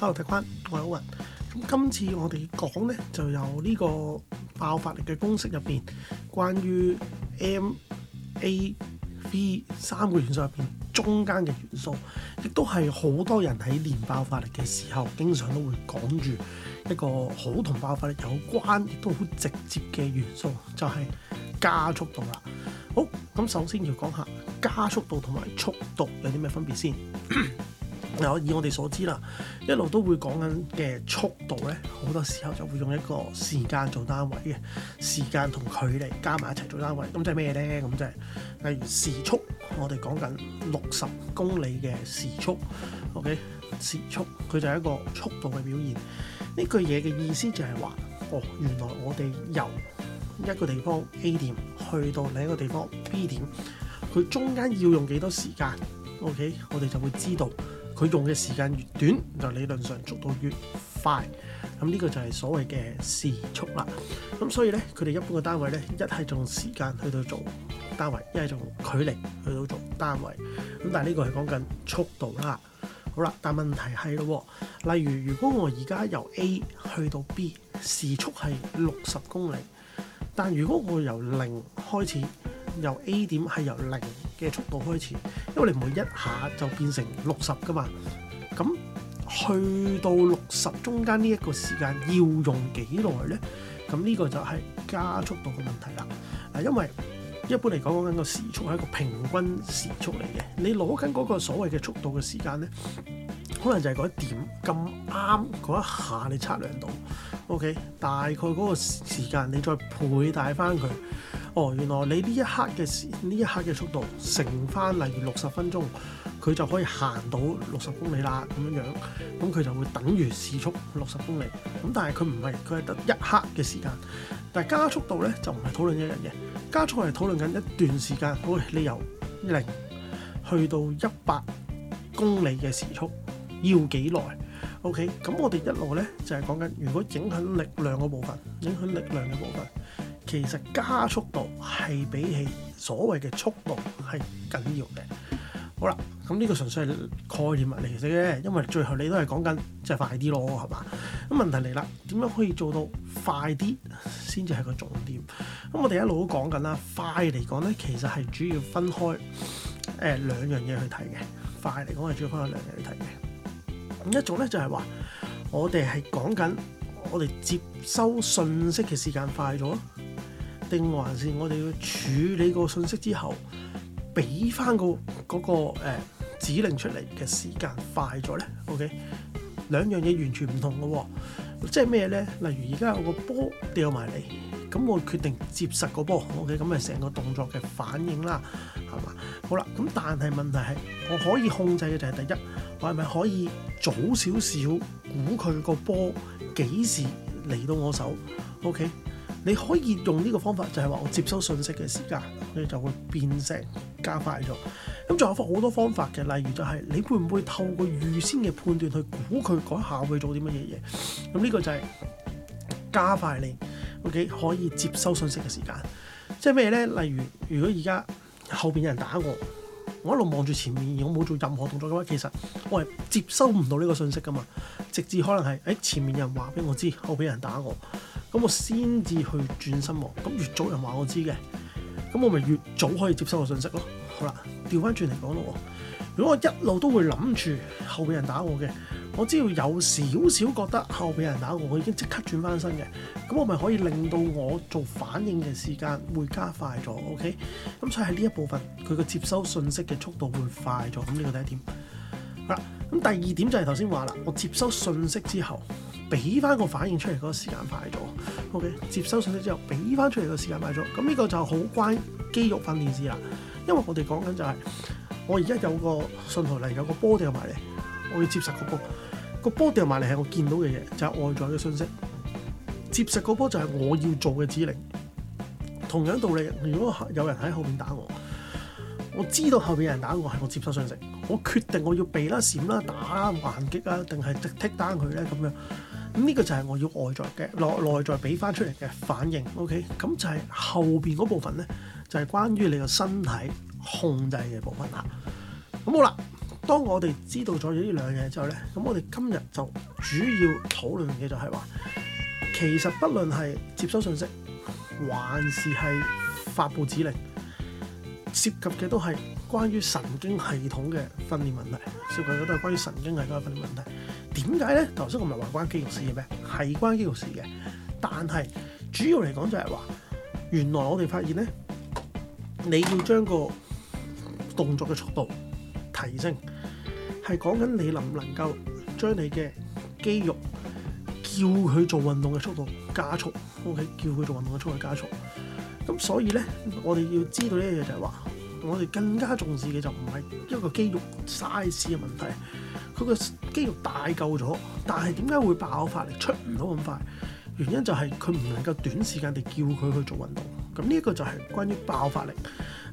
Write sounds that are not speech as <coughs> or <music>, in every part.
Hello 大家好，我係阿 Wen，咁今次我哋講咧，就由呢個爆發力嘅公式入邊，關於 M、A、V 三個元素入邊，中間嘅元素，亦都係好多人喺練爆發力嘅時候，經常都會講住一個好同爆發力有關，亦都好直接嘅元素，就係加速度啦。好，咁首先要講下加速度同埋速度有啲咩分別先。 <coughs> 嗱，以我哋所知啦，一路都會講緊嘅速度咧，好多時候就會用一個時間做單位嘅時間同距離加埋一齊做單位，咁即係咩咧？咁即係例如時速，我哋講緊六十公里嘅時速。OK，時速佢就係一個速度嘅表現。呢句嘢嘅意思就係話，哦，原來我哋由一個地方 A 點去到另一個地方 B 點，佢中間要用幾多時間？OK，我哋就會知道。佢用嘅時間越短，就理論上速度越快。咁呢個就係所謂嘅時速啦。咁所以咧，佢哋一般嘅單位咧，一係用時間去到做單位，一係用距離去到做單位。咁但係呢個係講緊速度啦。好啦，但問題係咯，例如如果我而家由 A 去到 B，時速係六十公里，但如果我由零開始。由 A 點係由零嘅速度開始，因為你唔會一下就變成六十噶嘛。咁去到六十中間呢一個時間要用幾耐咧？咁呢個就係加速度嘅問題啦。啊，因為一般嚟講講緊個時速係一個平均時速嚟嘅，你攞緊嗰個所謂嘅速度嘅時間咧，可能就係嗰一點咁啱嗰一下你測量到。OK，大概嗰個時間你再倍大翻佢。哦，原來你呢一刻嘅時，呢一刻嘅速度乘翻例如六十分鐘，佢就可以行到六十公里啦，咁樣樣，咁佢就會等於時速六十公里。咁但係佢唔係，佢係得一刻嘅時間。但係加速度咧就唔係討論一日嘅，加速度係討論緊一段時間。好，你由零去到一百公里嘅時速要幾耐？OK，咁我哋一路咧就係講緊如果影響力量嘅部分，影響力量嘅部分。其實加速度係比起所謂嘅速度係緊要嘅。好啦，咁呢個純粹係概念嘢嚟嘅啫。因為最後你都係講緊即係快啲咯，係嘛？咁問題嚟啦，點樣可以做到快啲先至係個重點？咁我哋一路都講緊啦，快嚟講咧，其實係主要分開誒、呃、兩樣嘢去睇嘅。快嚟講係主要分開兩樣去睇嘅。咁一種咧就係、是、話我哋係講緊我哋接收信息嘅時間快咗。定還是我哋要處理個信息之後，俾翻個嗰個、呃、指令出嚟嘅時間快咗咧？OK，兩樣嘢完全唔同嘅喎、哦，即係咩咧？例如而家有個波掉埋嚟，咁我決定接實個波，OK，咁咪成個動作嘅反應啦，係嘛？好啦，咁但係問題係，我可以控制嘅就係第一，我係咪可以早少少估佢個波幾時嚟到我手？OK。你可以用呢個方法，就係話我接收信息嘅時間，你就會變成加快咗。咁仲有好多方法嘅，例如就係你會唔會透過預先嘅判斷去估佢改下會做啲乜嘢嘢？咁呢個就係加快你 OK 可以接收信息嘅時間。即係咩咧？例如如果而家後邊有人打我，我一路望住前面，而我冇做任何動作嘅話，其實我係接收唔到呢個信息噶嘛。直至可能係誒前面有人話俾我知，後邊有人打我。咁我先至去轉身喎，咁越早人話我知嘅，咁我咪越早可以接收個信息咯。好啦，調翻轉嚟講咯，如果我一路都會諗住後邊人打我嘅，我只要有少少覺得後邊人打我，我已經即刻轉翻身嘅，咁我咪可以令到我做反應嘅時間會加快咗。OK，咁所以喺呢一部分佢個接收信息嘅速度會快咗。咁呢個第一點。好啦，咁第二點就係頭先話啦，我接收信息之後。俾翻個反應出嚟嗰個時間快咗。O.K. 接收信息之後，俾翻出嚟個時間快咗。咁呢個就好關肌肉訓練事啦。因為我哋講緊就係、是、我而家有個信號嚟，有個波掉埋嚟，我要接實嗰波。個波掉埋嚟係我見到嘅嘢，就係、是、外在嘅信息。接實嗰波就係我要做嘅指令。同樣道理，如果有人喺後面打我，我知道後面有人打我，係我接收信息，我決定我要避啦、閃啦、打啊、還擊啊，定係踢 down 佢咧咁樣。咁呢個就係我要外在嘅內內在俾翻出嚟嘅反應，OK？咁就係後邊嗰部分咧，就係關於你個身體控制嘅部分啦。咁好啦，當我哋知道咗呢兩樣嘢之後咧，咁我哋今日就主要討論嘅就係話，其實不論係接收信息，還是係發布指令，涉及嘅都係關於神經系統嘅訓練問題，涉及嘅都係關於神經系統嘅訓練問題。點解咧？頭先我唔係話關肌肉事嘅咩？係關肌肉事嘅，但係主要嚟講就係話，原來我哋發現咧，你要將個動作嘅速度提升，係講緊你能唔能夠將你嘅肌肉叫佢做運動嘅速度加速，OK？叫佢做運動嘅速度加速。咁所以咧，我哋要知道呢樣嘢就係話。我哋更加重視嘅就唔係一個肌肉 size 嘅問題，佢個肌肉大夠咗，但係點解會爆發力出唔到咁快？原因就係佢唔能夠短時間地叫佢去做運動。咁呢一個就係關於爆發力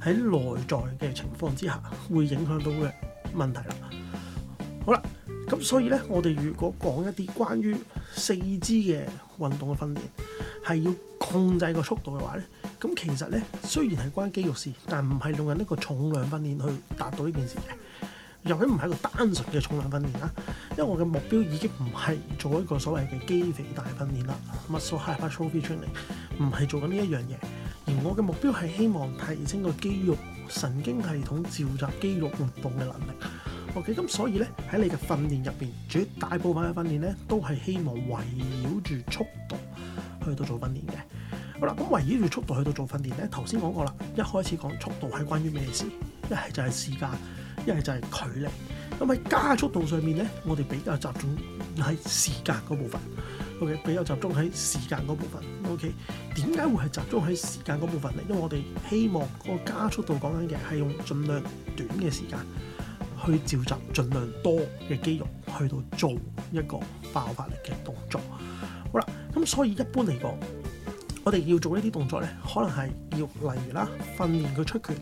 喺內在嘅情況之下會影響到嘅問題啦。好啦，咁所以咧，我哋如果講一啲關於四肢嘅運動嘅訓練，係要控制個速度嘅話咧。咁其實咧，雖然係關肌肉事，但唔係用緊呢個重量訓練去達到呢件事嘅，又唔係一個單純嘅重量訓練啦。因為我嘅目標已經唔係做一個所謂嘅肌肥大訓練啦 （muscle hypertrophy 出嚟，唔係做緊呢一樣嘢，而我嘅目標係希望提升個肌肉神經系統召集肌肉運動嘅能力。OK，咁所以咧，喺你嘅訓練入邊，主大部分嘅訓練咧都係希望圍繞住速度去到做訓練嘅。好啦，咁唯一要速度去到做訓練咧，頭先講過啦，一開始講速度係關於咩事？一係就係時間，一係就係距離。咁喺加速度上面咧，我哋比較集中喺時間嗰部分。O.K.，比較集中喺時間嗰部分。O.K.，點解會係集中喺時間嗰部分咧？因為我哋希望嗰個加速度講緊嘅係用盡量短嘅時間去召集盡量多嘅肌肉去到做一個爆發力嘅動作。好啦，咁所以一般嚟講。我哋要做呢啲動作咧，可能係要例如啦，訓練佢出拳，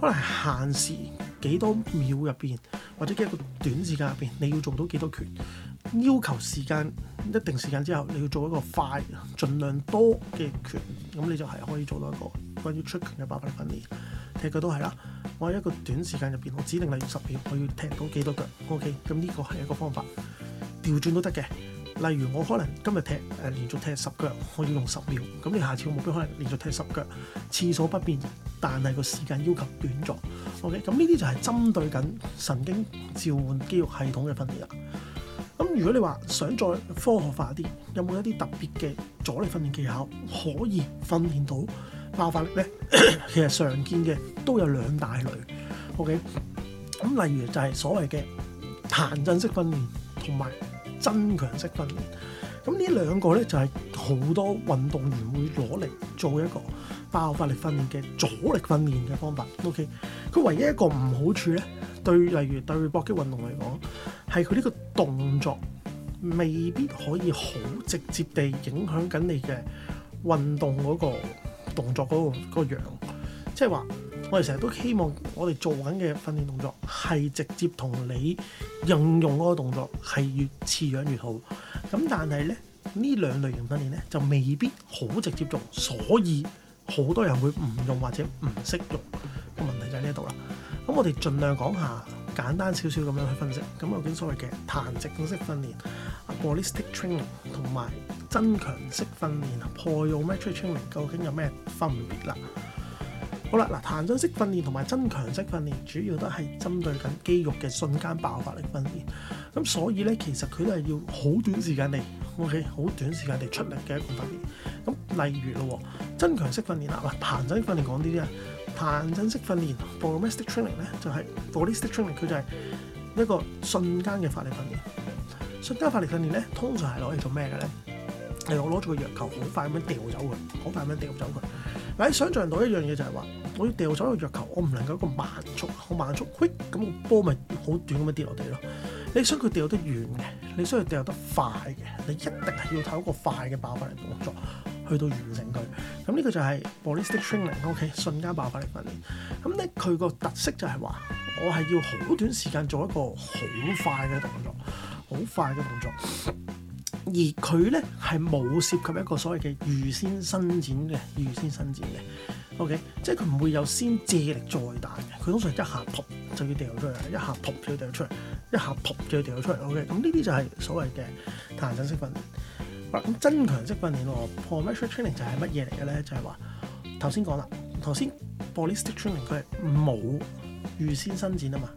可能係限時幾多秒入邊，或者嘅一個短時間入邊，你要做到幾多拳，要求時間一定時間之後，你要做一個快，盡量多嘅拳，咁你就係可以做到一個關於出拳嘅爆發力訓練，踢腳都係啦。我喺一個短時間入邊，我指定例如十秒，我要踢到幾多腳？OK，咁呢個係一個方法，調轉都得嘅。例如我可能今日踢誒、呃、連續踢十腳，我要用十秒。咁你下次嘅目標可能連續踢十腳，次數不變，但係個時間要求短咗。OK，咁呢啲就係針對緊神經召喚肌肉系統嘅訓練啦。咁如果你話想再科學化啲，有冇一啲特別嘅阻力訓練技巧可以訓練到爆發力咧？ <laughs> 其實常見嘅都有兩大類。OK，咁例如就係所謂嘅彈震式訓練同埋。增強式訓練，咁呢兩個咧就係好多運動員會攞嚟做一個爆發力訓練嘅阻力訓練嘅方法。O.K.，佢唯一一個唔好處咧，對例如對搏擊運動嚟講，係佢呢個動作未必可以好直接地影響緊你嘅運動嗰個動作嗰個嗰樣，即係話。我哋成日都希望我哋做緊嘅訓練動作係直接同你應用嗰個動作係越似樣越好。咁但係咧呢兩類型訓練咧就未必好直接用，所以好多人會唔用或者唔識用。個問題就喺呢度啦。咁我哋儘量講下簡單少少咁樣去分析。咁究竟所謂嘅彈震式訓練、ballistic training 同埋增強式訓練、plyometric、啊、training 究竟有咩分別啦？好啦，嗱彈震式訓練同埋增強式訓練，主要都係針對緊肌肉嘅瞬間爆發力訓練。咁所以咧，其實佢都係要好短時間嚟，OK，好短時間嚟出力嘅一個訓練。咁例如咯，增強式訓練啊，嗱彈震式訓練講啲啲啊，彈震式訓練 ballistic training） 咧就係、是、ballistic training，佢就係一個瞬間嘅發力訓練。瞬間發力訓練咧，通常係攞嚟做咩嘅咧？係我攞住個藥球，好快咁樣掉走佢，好快咁樣掉走佢。我想像到一樣嘢就係話，我要掉咗個藥球，我唔能夠一個慢速，好慢速，quick，咁個波咪好短咁樣跌落地咯。你想佢掉得遠嘅，你想佢掉得快嘅，你一定係要透過一個快嘅爆發力動作去到完成佢。咁呢個就係 ballistic training，O.K.、Okay? 瞬間爆發力訓練。咁咧佢個特色就係話，我係要好短時間做一個好快嘅動作，好快嘅動作。而佢咧係冇涉及一個所謂嘅預先伸展嘅預先伸展嘅，OK，即係佢唔會有先借力再打，佢通常一下撲就要掉出嚟，一,一下撲就要掉出嚟，一,一下撲就要掉出嚟，OK，咁呢啲就係所謂嘅彈震式訓練。咁、嗯嗯、增強式訓練喎、啊、，plyometric training 就係乜嘢嚟嘅咧？就係話頭先講啦，頭先 ballistic training 佢係冇預先伸展啊嘛。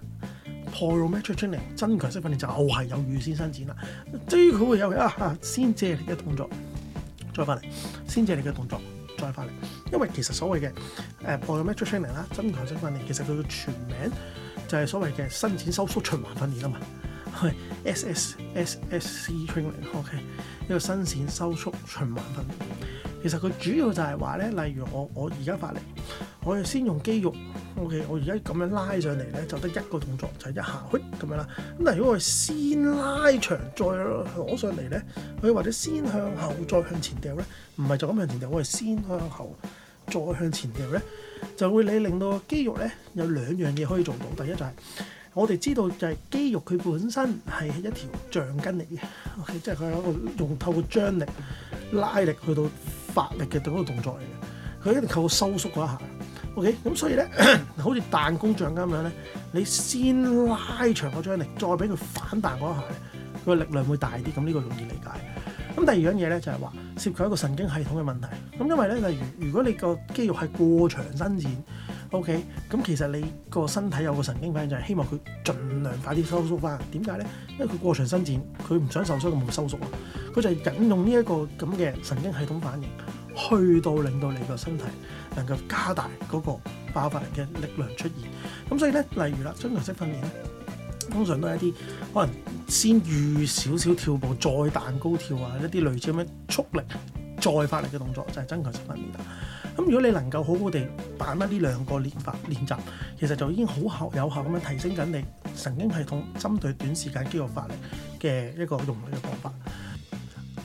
plyometric training，增強式訓練就係有預先伸展啦，即係佢會有一下、啊啊、先借力嘅動作，再翻嚟，先借力嘅動作再翻嚟。因為其實所謂嘅 plyometric training 啦，增強式訓練其實佢嘅全名就係所謂嘅伸展收縮循環訓練啊嘛，係 <laughs> S S S C training，OK，okay. 一個伸展收縮循環訓練。其實佢主要就係話咧，例如我我而家發力，我係先用肌肉，O.K. 我而家咁樣拉上嚟咧，就得一個動作就係一下，咁樣啦。咁但如果我係先拉長再攞上嚟咧，佢或者先向後再向前掉咧，唔係就咁向前掉，我係先向後再向前掉咧，就會你令到個肌肉咧有兩樣嘢可以做到。第一就係我哋知道就係肌肉佢本身係一條橡筋嚟嘅，O.K. 即係佢有一個用透過張力拉力去到。發力嘅嗰個動作嚟嘅，佢一定靠收縮嗰一下。O K，咁所以咧， <coughs> 好似彈弓橡筋咁樣咧，你先拉長個張力，再俾佢反彈嗰一下，佢個力量會大啲。咁呢個容易理解。咁第二樣嘢咧就係話涉及一個神經系統嘅問題。咁因為咧，例如如果你個肌肉係過長伸展。O.K. 咁其實你個身體有個神經反應就係希望佢盡量快啲收縮返。點解咧？因為佢過長伸展，佢唔想受傷，咁冇收縮咯。佢就係引用呢一個咁嘅神經系統反應，去到令到你個身體能夠加大嗰個爆發力嘅力量出現。咁所以咧，例如啦，增強式訓練咧，通常都係一啲可能先預少少跳步，再彈高跳啊，一啲類似咁樣蓄力再發力嘅動作，就係增強式訓練啦。咁如果你能夠好好地把握呢兩個練法練習，其實就已經好效有效咁樣提升緊你神經系統針對短時間肌肉發力嘅一個用嚟嘅方法。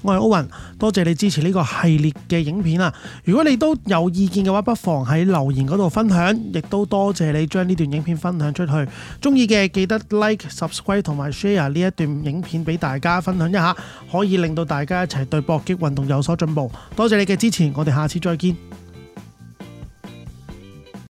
我係奧雲，多謝你支持呢個系列嘅影片啊！如果你都有意見嘅話，不妨喺留言嗰度分享，亦都多謝你將呢段影片分享出去。鍾意嘅記得 like、subscribe 同埋 share 呢一段影片俾大家分享一下，可以令到大家一齊對搏擊運動有所進步。多謝你嘅支持，我哋下次再見。